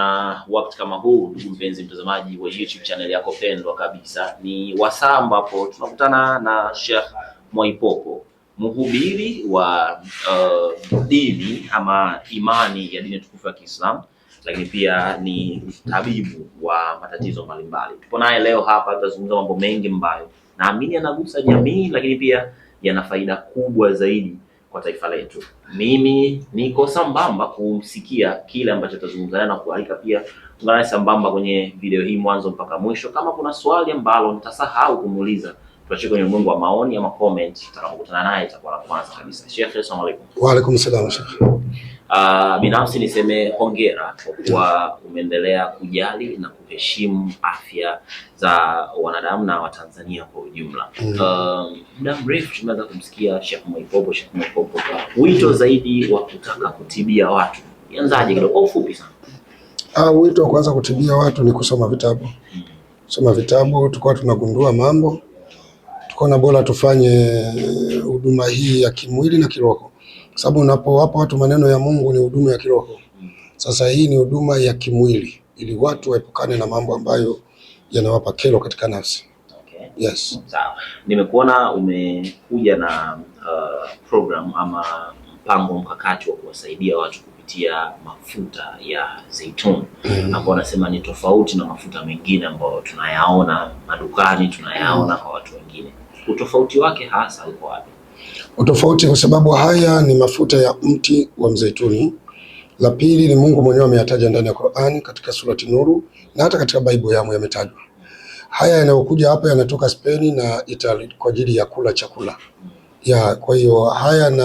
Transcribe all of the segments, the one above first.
na wakati kama huu, ndugu mpenzi mtazamaji wa YouTube channel yako pendwa kabisa, ni wasaa ambapo tunakutana na Sheikh Mwaipopo mhubiri wa uh, dini ama imani ya dini tukufu ya Kiislamu, lakini pia ni tabibu wa matatizo mbalimbali. Tupo naye leo hapa, tutazungumza mambo mengi ambayo naamini yanagusa jamii, lakini pia yana faida kubwa zaidi kwa taifa letu. Mimi niko sambamba kumsikia kile ambacho tutazungumza naye na kualika pia ungana sambamba kwenye video hii mwanzo mpaka mwisho. Kama kuna swali ambalo nitasahau kumuuliza, tuache kwenye ulimwengu wa maoni ama comment, tutakapokutana naye itakuwa la kwanza kabisa. Sheikh, assalamu alaykum. Wa alaykum salaam Sheikh. Uh, binafsi niseme hongera kwa kuwa umeendelea kujali na kuheshimu afya za wanadamu na Watanzania kwa ujumla. Mm. Ah, muda mm. uh, mrefu tumeanza kumsikia Sheikh Mwaipopo, Sheikh Mwaipopo, wito zaidi wa kutaka kutibia watu ianzaje kidogo kwa ufupi sana? Ah, wito wa kwanza kutibia watu ni kusoma vitabu mm. soma vitabu, tukawa tunagundua mambo, tukaona bora tufanye eh, huduma hii ya kimwili na kiroho kwa sababu unapowapa watu maneno ya Mungu ni huduma ya kiroho. Sasa hii ni huduma ya kimwili, ili watu waepukane na mambo ambayo yanawapa kero katika nafsi. Okay. Yes. Sawa. Nimekuona umekuja na uh, program ama mpango mkakati wa kuwasaidia watu kupitia mafuta ya zeituni mm, ambao wanasema ni tofauti na mafuta mengine ambayo tunayaona madukani, tunayaona kwa watu wengine. Utofauti wake hasa uko wapi? utofauti kwa sababu haya ni mafuta ya mti wa mzeituni. La pili ni Mungu mwenyewe ameyataja ndani ya Qur'an katika surati Nuru na hata katika Bible yamo yametajwa. Haya yanayokuja hapa yanatoka Spain na Italy kwa ajili ya kula chakula. Ya, kwa hiyo haya na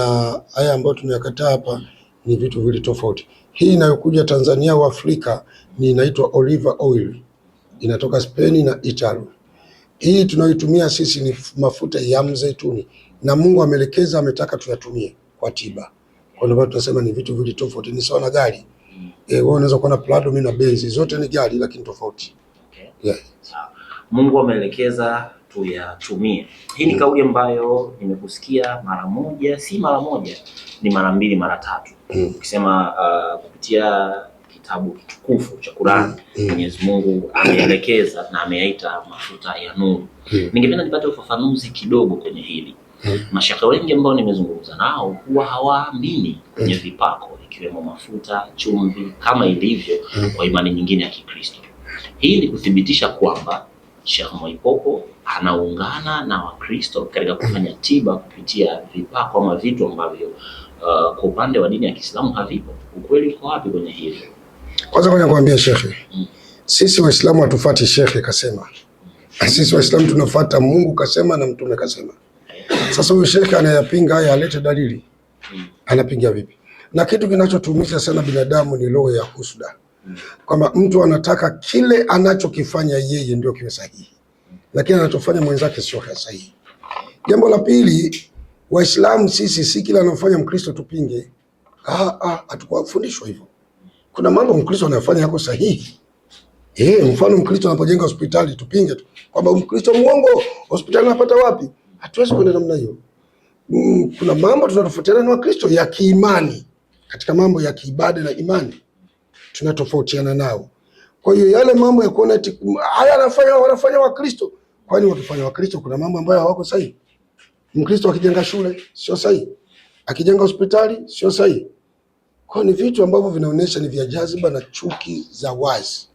haya ambayo tumeyakataa hapa ni vitu vili tofauti. Hii inayokuja Tanzania au Afrika ni inaitwa olive oil. Inatoka Spain na Italy. Hii tunayoitumia sisi ni mafuta ya mzeituni na Mungu ameelekeza, ametaka tuyatumie kwa tiba. Kwa ndio tunasema ni vitu vili tofauti, ni sawa na gari. Mm. Eh, wewe unaweza kuwa na Prado, mimi na Benz, zote ni gari lakini tofauti. Okay. Yeah. Mungu ameelekeza tuyatumie. Hii ni mm. kauli ambayo nimekusikia mara moja, si mara moja, ni mara mbili, mara tatu. Mm. Ukisema uh, kupitia kitabu kitukufu cha Qur'an, mm. Mwenyezi mm. Mungu ameelekeza na ameyaita mafuta ya nuru. Mm. Ningependa nipate ufafanuzi kidogo kwenye hili. Mm-hmm. Mashaka wengi ambao nimezungumza nao huwa hawaamini kwenye mm-hmm. vipako ikiwemo mafuta, chumvi kama ilivyo mm-hmm. kwa imani nyingine ya Kikristo. Hii ni kuthibitisha kwamba Sheikh Mwaipopo anaungana na Wakristo katika kufanya tiba kupitia vipako ama vitu ambavyo uh, kwa upande wa dini ya Kiislamu havipo. Ukweli uko wapi kwenye hili? Kwanza kwenye kuambia shekhe mm. Sisi Waislamu hatufuati shekhe kasema, mm. sisi Waislamu tunafuata Mungu kasema na mtume kasema. Sasa huyu shekhe anayapinga haya alete dalili, anapinga vipi? Na kitu kinachotumisha sana binadamu ni roho ya husuda, kwamba mtu anataka kile anachokifanya yeye ndio kiwe sahihi, lakini anachofanya mwenzake sio sahihi. Jambo la pili, Waislamu sisi si kila anafanya Mkristo tupinge. Ah, ah, Hatukufundishwa hivyo. Kuna mambo Mkristo anayofanya yako sahihi. Eh, mfano Mkristo anapojenga hospitali tupinge tu kwamba Mkristo muongo, hospitali anapata wapi? Hatuwezi kuenda namna hiyo. Mm, kuna mambo tunatofautiana na Wakristo ya kiimani, katika mambo ya kiibada na imani tunatofautiana nao. Kwa hiyo yale mambo ya kuona eti mm, haya wanafanya wanafanya Wakristo, kwani wakifanya Wakristo kuna mambo ambayo hawako sahihi. Mkristo akijenga shule sio sahihi, akijenga hospitali sio sahihi. Kwa ni vitu ambavyo vinaonyesha ni vya jaziba na chuki za wazi.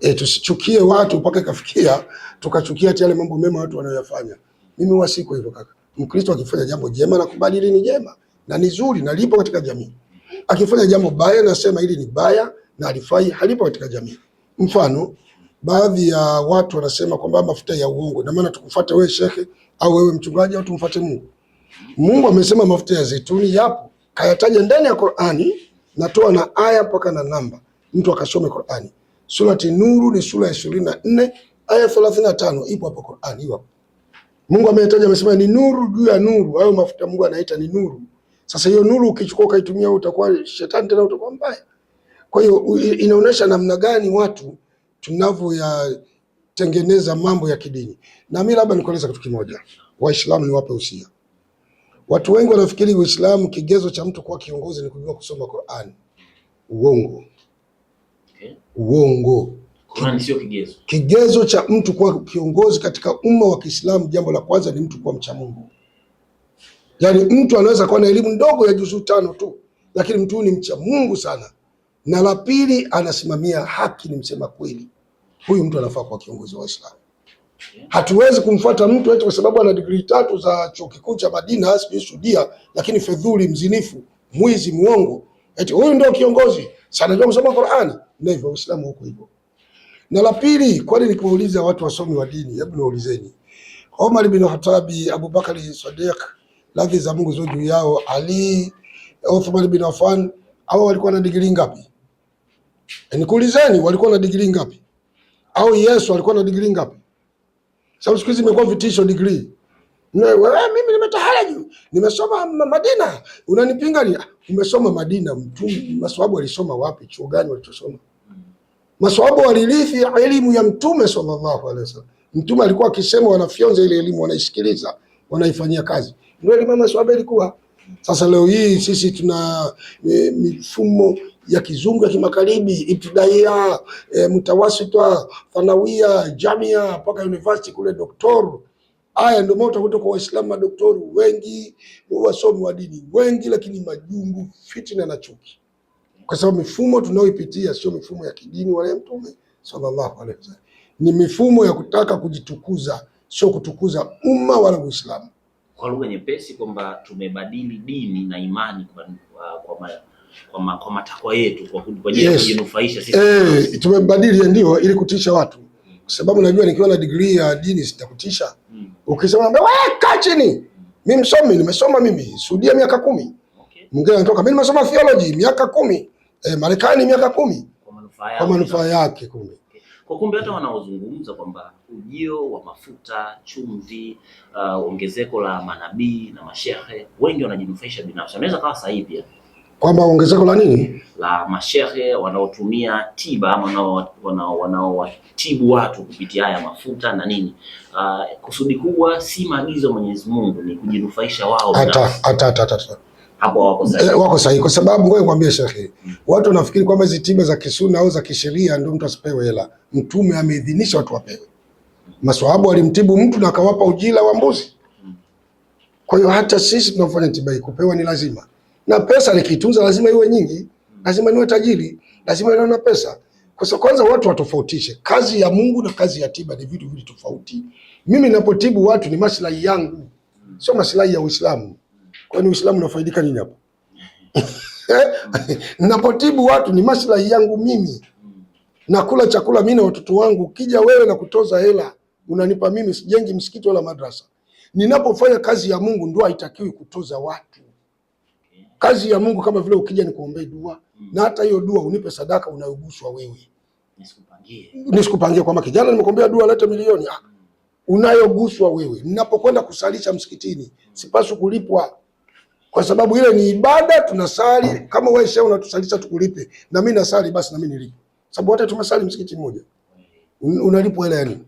E, tusichukie watu mpaka ikafikia tukachukia hata yale mambo mema watu wanayoyafanya. Mimi huwa siko hivyo kaka. Mkristo akifanya jambo jema na kubadili ni jema na ni zuri na lipo katika jamii. Akifanya jambo baya nasema hili ni baya na alifai halipo katika jamii. Mfano, baadhi ya watu wanasema kwamba mafuta ya uongo, na maana tukufuate wewe shekhe au wewe mchungaji au tumfuate Mungu. Mungu amesema mafuta ya zeituni yapo, kayataja ndani ya Qur'ani, natoa na aya mpaka na namba, mtu akasome Qur'ani. Surati Nuru ni sura ya 24 aya 35, ipo hapo Qur'ani, ipo. Mungu ametaja amesema ni nuru juu ya nuru, hayo mafuta Mungu anaita ni nuru. Sasa hiyo nuru ukichukua ukaitumia utakuwa shetani tena utakuwa mbaya. Kwa hiyo inaonyesha namna gani watu tunavyoyatengeneza mambo ya kidini. Na mimi labda nikueleza kitu kimoja. Waislamu ni wape usia. Watu wengi wanafikiri Uislamu kigezo cha mtu kuwa kiongozi ni kujua kusoma Qur'an. Uongo. Uongo. Qur'ani sio kigezo. Kigezo cha mtu kuwa kiongozi katika umma wa Kiislamu, jambo la kwanza ni mtu kuwa mcha Mungu. Yaani mtu anaweza kuwa na elimu ndogo ya juzuu tano tu, lakini mtu ni mcha Mungu sana. Na la pili, anasimamia haki, ni msema kweli. Huyu mtu anafaa kuwa kiongozi wa Waislamu. Hatuwezi kumfuata mtu eti kwa sababu ana digrii tatu za chuo kikuu cha Madina, sijui Sudia, lakini fedhuli, mzinifu, mwizi, muongo, eti huyu ndio kiongozi, si anajua kusoma Qur'ani? Na hivyo Uislamu huko hivyo na la pili, kwani nikiwauliza watu wasomi wa dini, hebu niwaulizeni, Omar bin Hatabi, Abubakari Sadiq, radhi za Mungu ziwe juu yao, Ali, Uthman bin Affan, au walikuwa na digrii ngapi? E, nikuulizeni, walikuwa na digrii ngapi? Au Yesu alikuwa na digrii ngapi? Sababu siku hizi imekuwa vitisho digrii. Wewe mimi nimetahala juu, nimesoma Madina, unanipinga? Ah, umesoma Madina? Mtume maswahabu alisoma wapi? Chuo gani walichosoma? Maswahaba walirithi elimu ya Mtume sallallahu alaihi wasallam. Mtume alikuwa akisema, wanafyonza ile elimu, wanaisikiliza, wanaifanyia kazi. Ndio elimu ya maswahaba ilikuwa. Sasa leo hii sisi tuna e, mifumo ya kizungu ya kimakaribi, ibtidaia, e, mutawasita, thanawia, jamia mpaka university kule doktor. Haya ndio maana utakuta kwa Waislamu madoktori wengi, wasomi wa dini wengi, lakini majungu, fitina na chuki kwa sababu mifumo tunayoipitia sio mifumo ya kidini wala Mtume sallallahu alaihi wasallam, ni mifumo ya kutaka kujitukuza, sio kutukuza umma wala Uislamu. Kwa lugha nyepesi, kwamba tumebadili dini na imani kwa, kwa, kwa, kwa, kwa matakwa yetu kwa, kwa ajili kujinufaisha sisi. Eh, tumebadili ndio, ili kutisha watu kwa sababu najua nikiwa na degree ya dini sitakutisha. Mm. Ukisema mbona wewe kaa chini. Mimi msomi, nimesoma mimi, Suudia miaka kumi. Okay. Mwingine anatoka, mimi nimesoma theology miaka kumi eh, Marekani miaka kumi kwa manufaa yake kumi. Kwa kumbe hata wanaozungumza kwamba ujio wa mafuta, chumvi, uh, ongezeko la manabii na mashehe wengi wanajinufaisha binafsi. Anaweza kawa sahihi pia kwamba ongezeko la nini la mashehe wanaotumia tiba ama wanaowatibu watu kupitia haya mafuta na nini, uh, kusudi kubwa si maagizo Mwenyezi Mungu, ni kujinufaisha wao hata, hata, hata, hata hapo wako sahihi, Eh, wako sahihi kwa sababu ngoja nikwambie shekhi, hmm. Watu wanafikiri kwamba hizi tiba za kisuna au za kisheria ndio mtu asipewe hela. Mtume ameidhinisha watu wapewe. Maswahabu walimtibu mtu na akawapa ujira wa mbuzi. Kwa hiyo hata sisi tunafanya tiba hii, kupewa ni lazima, na pesa nikitunza lazima iwe nyingi, lazima niwe tajiri, lazima niwe na pesa. Kwa sababu kwanza watu watofautishe kazi ya Mungu na kazi ya tiba, ni vitu viwili tofauti. Mimi ninapotibu watu ni maslahi yangu, sio maslahi ya Uislamu. Kwani Uislamu unafaidika nini hapa? Napotibu watu ni maslahi yangu mimi, nakula chakula mimi na watoto wangu. Kija wewe na kutoza hela unanipa mimi, sijengi msikiti wala madrasa. Ninapofanya kazi ya Mungu ndio haitakiwi kutoza watu. Kazi ya Mungu kama vile ukija nikuombee dua na hata hiyo dua unipe sadaka unayoguswa wewe, nisikupangie nisikupangie kwamba kijana nimekuombea dua leta milioni mm, unayoguswa wewe. Ninapokwenda kusalisha msikitini sipaswi kulipwa kwa sababu ile ni ibada tunasali. Kama wewe shehe unatusalisha tukulipe, na mimi nasali basi, na mimi nilipe, sababu wote tumesali msikiti mmoja, unalipo hela yani.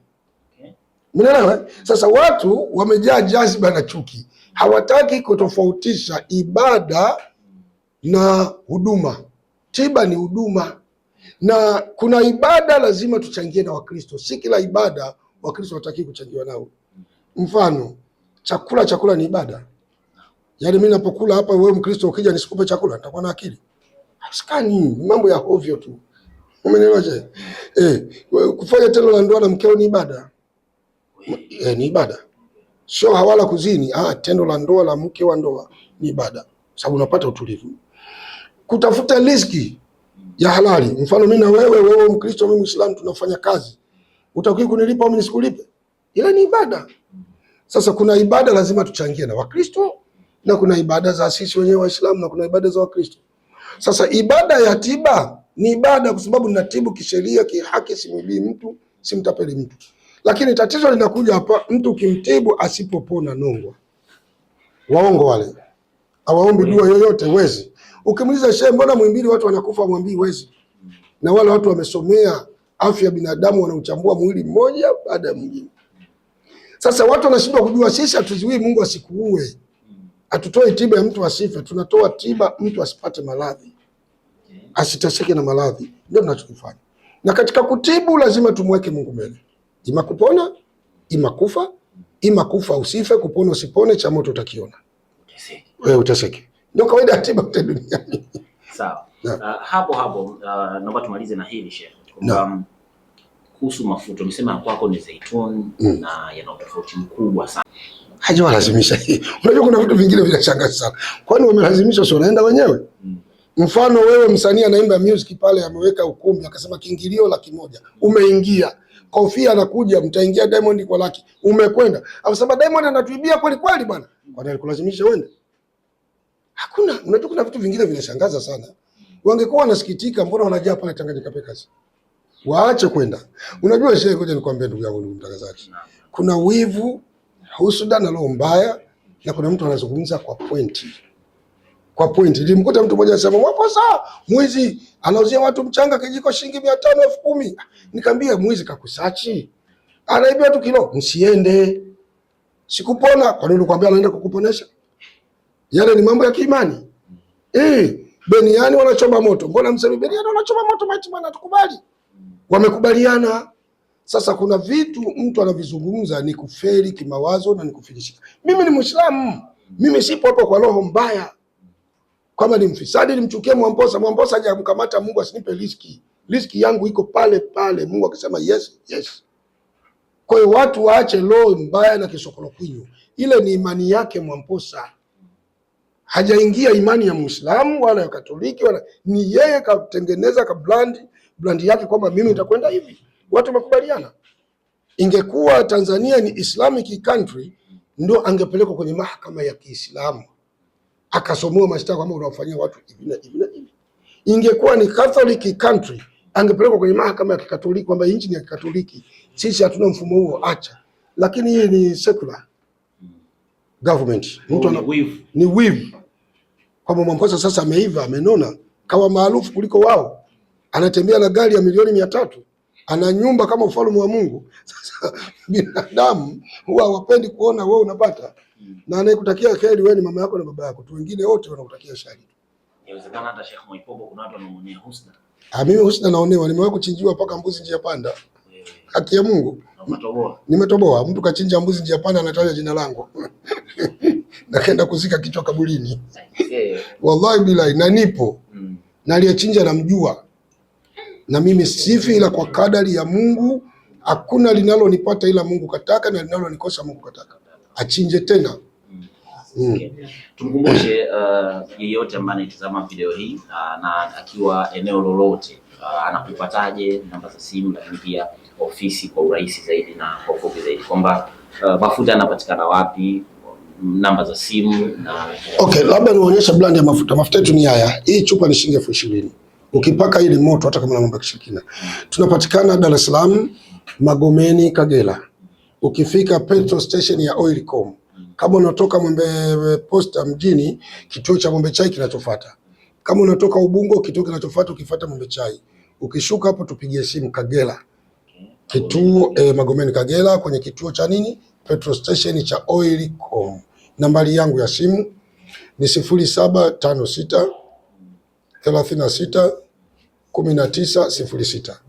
Mnaelewa? Eh? Sasa watu wamejaa jaziba na chuki, hawataki kutofautisha ibada na huduma. Tiba ni huduma, na kuna ibada lazima tuchangie na Wakristo. Si kila ibada Wakristo hawataki kuchangiwa nao. Mfano chakula, chakula ni ibada Yaani mimi napokula hapa, wewe Mkristo ukija nisikupe chakula, nitakuwa na akili? Askani, ni mambo ya hovyo tu. Umeelewa je? Eh, kufanya tendo la ndoa na mkeo ni ibada. Eh, ni ibada. Sio hawala kuzini, ah, tendo la ndoa la mke wa ndoa ni ibada. Sababu unapata utulivu. Kutafuta riziki ya halali. Mfano mimi na wewe, wewe Mkristo, mimi Muislamu tunafanya kazi. Utakuwa kunilipa au mimi nisikulipe? Ile ni ibada. Sasa kuna ibada lazima tuchangie na Wakristo na kuna ibada za sisi wenyewe Waislamu na kuna ibada za Wakristo. Sasa ibada ya tiba ni ibada kwa sababu ninatibu kisheria, kihaki, simwibii mtu, simtapeli mtu. Lakini tatizo linakuja hapa, mtu ukimtibu asipopona nongwa. Waongo wale. awaombi dua yoyote wezi. Ukimuuliza shehe, mbona Muhimbili watu wanakufa, mwambii wezi. Na wale watu wamesomea afya ya binadamu wanauchambua mwili mmoja baada ya mwingine. Sasa watu wanashindwa kujua, sisi hatuzuii Mungu asikuue. Hatutoi tiba ya mtu asife, tunatoa tiba mtu asipate maradhi, asiteseke na maradhi. Ndio tunachokifanya, na katika kutibu lazima tumweke Mungu mbele. Ima kupona ima kufa, ima kufa usife, kupona usipone, cha moto utakiona, wewe uteseke. Ndio kawaida ya tiba kwa duniani. Sawa. Uh, hapo hapo uh, naomba tumalize na hili shehe Um, kuhusu mafuta. Umesema kwako ni zaituni mm, na yana utofauti mkubwa sana hajawalazimisha hii. Unajua kuna vitu vingine vinashangaza sana, kwani wamelazimisha? Sio wanaenda wenyewe. Mm. Mfano wewe msanii anaimba music pale, ameweka ukumbi akasema kiingilio laki moja, umeingia Kofi anakuja, mtaingia Diamond kwa laki, umekwenda. Au sababu Diamond anatuibia kweli kweli bwana, Kwa nini alikulazimisha uende? Hakuna. Unajua kuna vitu vingine vinashangaza sana. Wangekuwa wanasikitika, mbona wanajaa pale Tanganyika Packers? Waache kwenda. Unajua shehe, ngoja nikwambie ndugu yangu, ndugu mtangazaji, kuna wivu husuda na roho mbaya, na kuna mtu anazungumza kwa pointi kwa pointi. Nilimkuta mtu mmoja anasema wapo mwizi anauzia watu mchanga kijiko shilingi mia tano elfu kumi. Nikamwambia mwizi kakusachi, anaibia watu kilo, msiende. Sikupona. Kwa nini nikwambia anaenda kukuponesha? Yale ni mambo ya kiimani eh. Beniani wanachoma moto, mbona msemi Beniani wanachoma moto maiti bwana? Tukubali, wamekubaliana sasa kuna vitu mtu anavizungumza ni kufeli kimawazo na ni kufilisika. Mimi ni Muislamu, mimi sipo hapo kwa roho mbaya kama ni mfisadi nimchukie Mwamposa. Mwamposa hajamkamata Mungu asinipe riski, riski yangu iko pale pale, Mungu akisema yes, yes. Kwa hiyo watu waache roho mbaya na kinyo, ile ni imani yake Mwamposa hajaingia imani ya Muislamu wala ya Katoliki wala ni yeye katengeneza ka brand brand yake kwamba mimi nitakwenda hivi watu wamekubaliana. Ingekuwa Tanzania ni Islamic country, ndio angepelekwa kwenye mahakama ya Kiislamu akasomewa mashtaka kama unawafanyia watu hivi na hivi na hivi. Ingekuwa ni Catholic country, angepelekwa kwenye mahakama ya Kikatoliki kwamba nchi ni ya Kikatoliki, sisi hatuna mfumo huo, acha. Lakini hii ni secular government, mtu ana ni wivu kwamba Mwamposa sasa ameiva, amenona, kawa maarufu kuliko wao, anatembea na gari ya milioni mia tatu ana nyumba kama ufalme wa Mungu. Sasa binadamu huwa hawapendi kuona wewe unapata, na anayekutakia heri wewe ni mama yako na baba yako tu, wengine wote wanakutakia shari. Inawezekana hata Sheikh Mwaipopo kuna watu wanamwonea husna. Ah, mimi husna naonewa, nimewahi kuchinjiwa mpaka mbuzi njia panda. Haki ya Mungu, nimetoboa. Mtu kachinja mbuzi njia panda, anataja jina langu nakaenda kuzika kichwa kaburini, wallahi billahi, na nipo mm. na aliyechinja namjua na mimi sifi ila kwa kadari ya Mungu. Hakuna linalonipata ila Mungu kataka, na linalonikosa Mungu kataka. Achinje tena. Mm. mm. Okay. Tumkumbushe uh, yeyote ambaye anatazama video hii uh, na akiwa eneo lolote uh, anakupataje, namba za simu, lakini pia ofisi kwa urahisi zaidi na kwa ufupi zaidi, kwamba uh, mafuta yanapatikana wapi, namba za simu na... Okay, labda nionyeshe brand ya mafuta. Mafuta yetu ni haya, hii chupa ni shilingi elfu ishirini ukipaka ile moto, hata kama na mambo ya kishirikina. Tunapatikana Dar es Salaam, Magomeni, Kagera. Ukifika petrol station ya Oilcom, kama unatoka Mwembe Posta mjini, kituo cha Mwembe Chai kinachofuata. Kama unatoka Ubungo, kituo kinachofuata ukifuata Mwembe Chai. Ukishuka hapo, tupigie simu Kagera, kituo eh, Magomeni Kagera, kwenye kituo cha nini, petrol station cha Oilcom. Nambari yangu ya simu ni sifuri saba tano sita thelathini na sita kumi na tisa sifuri sita.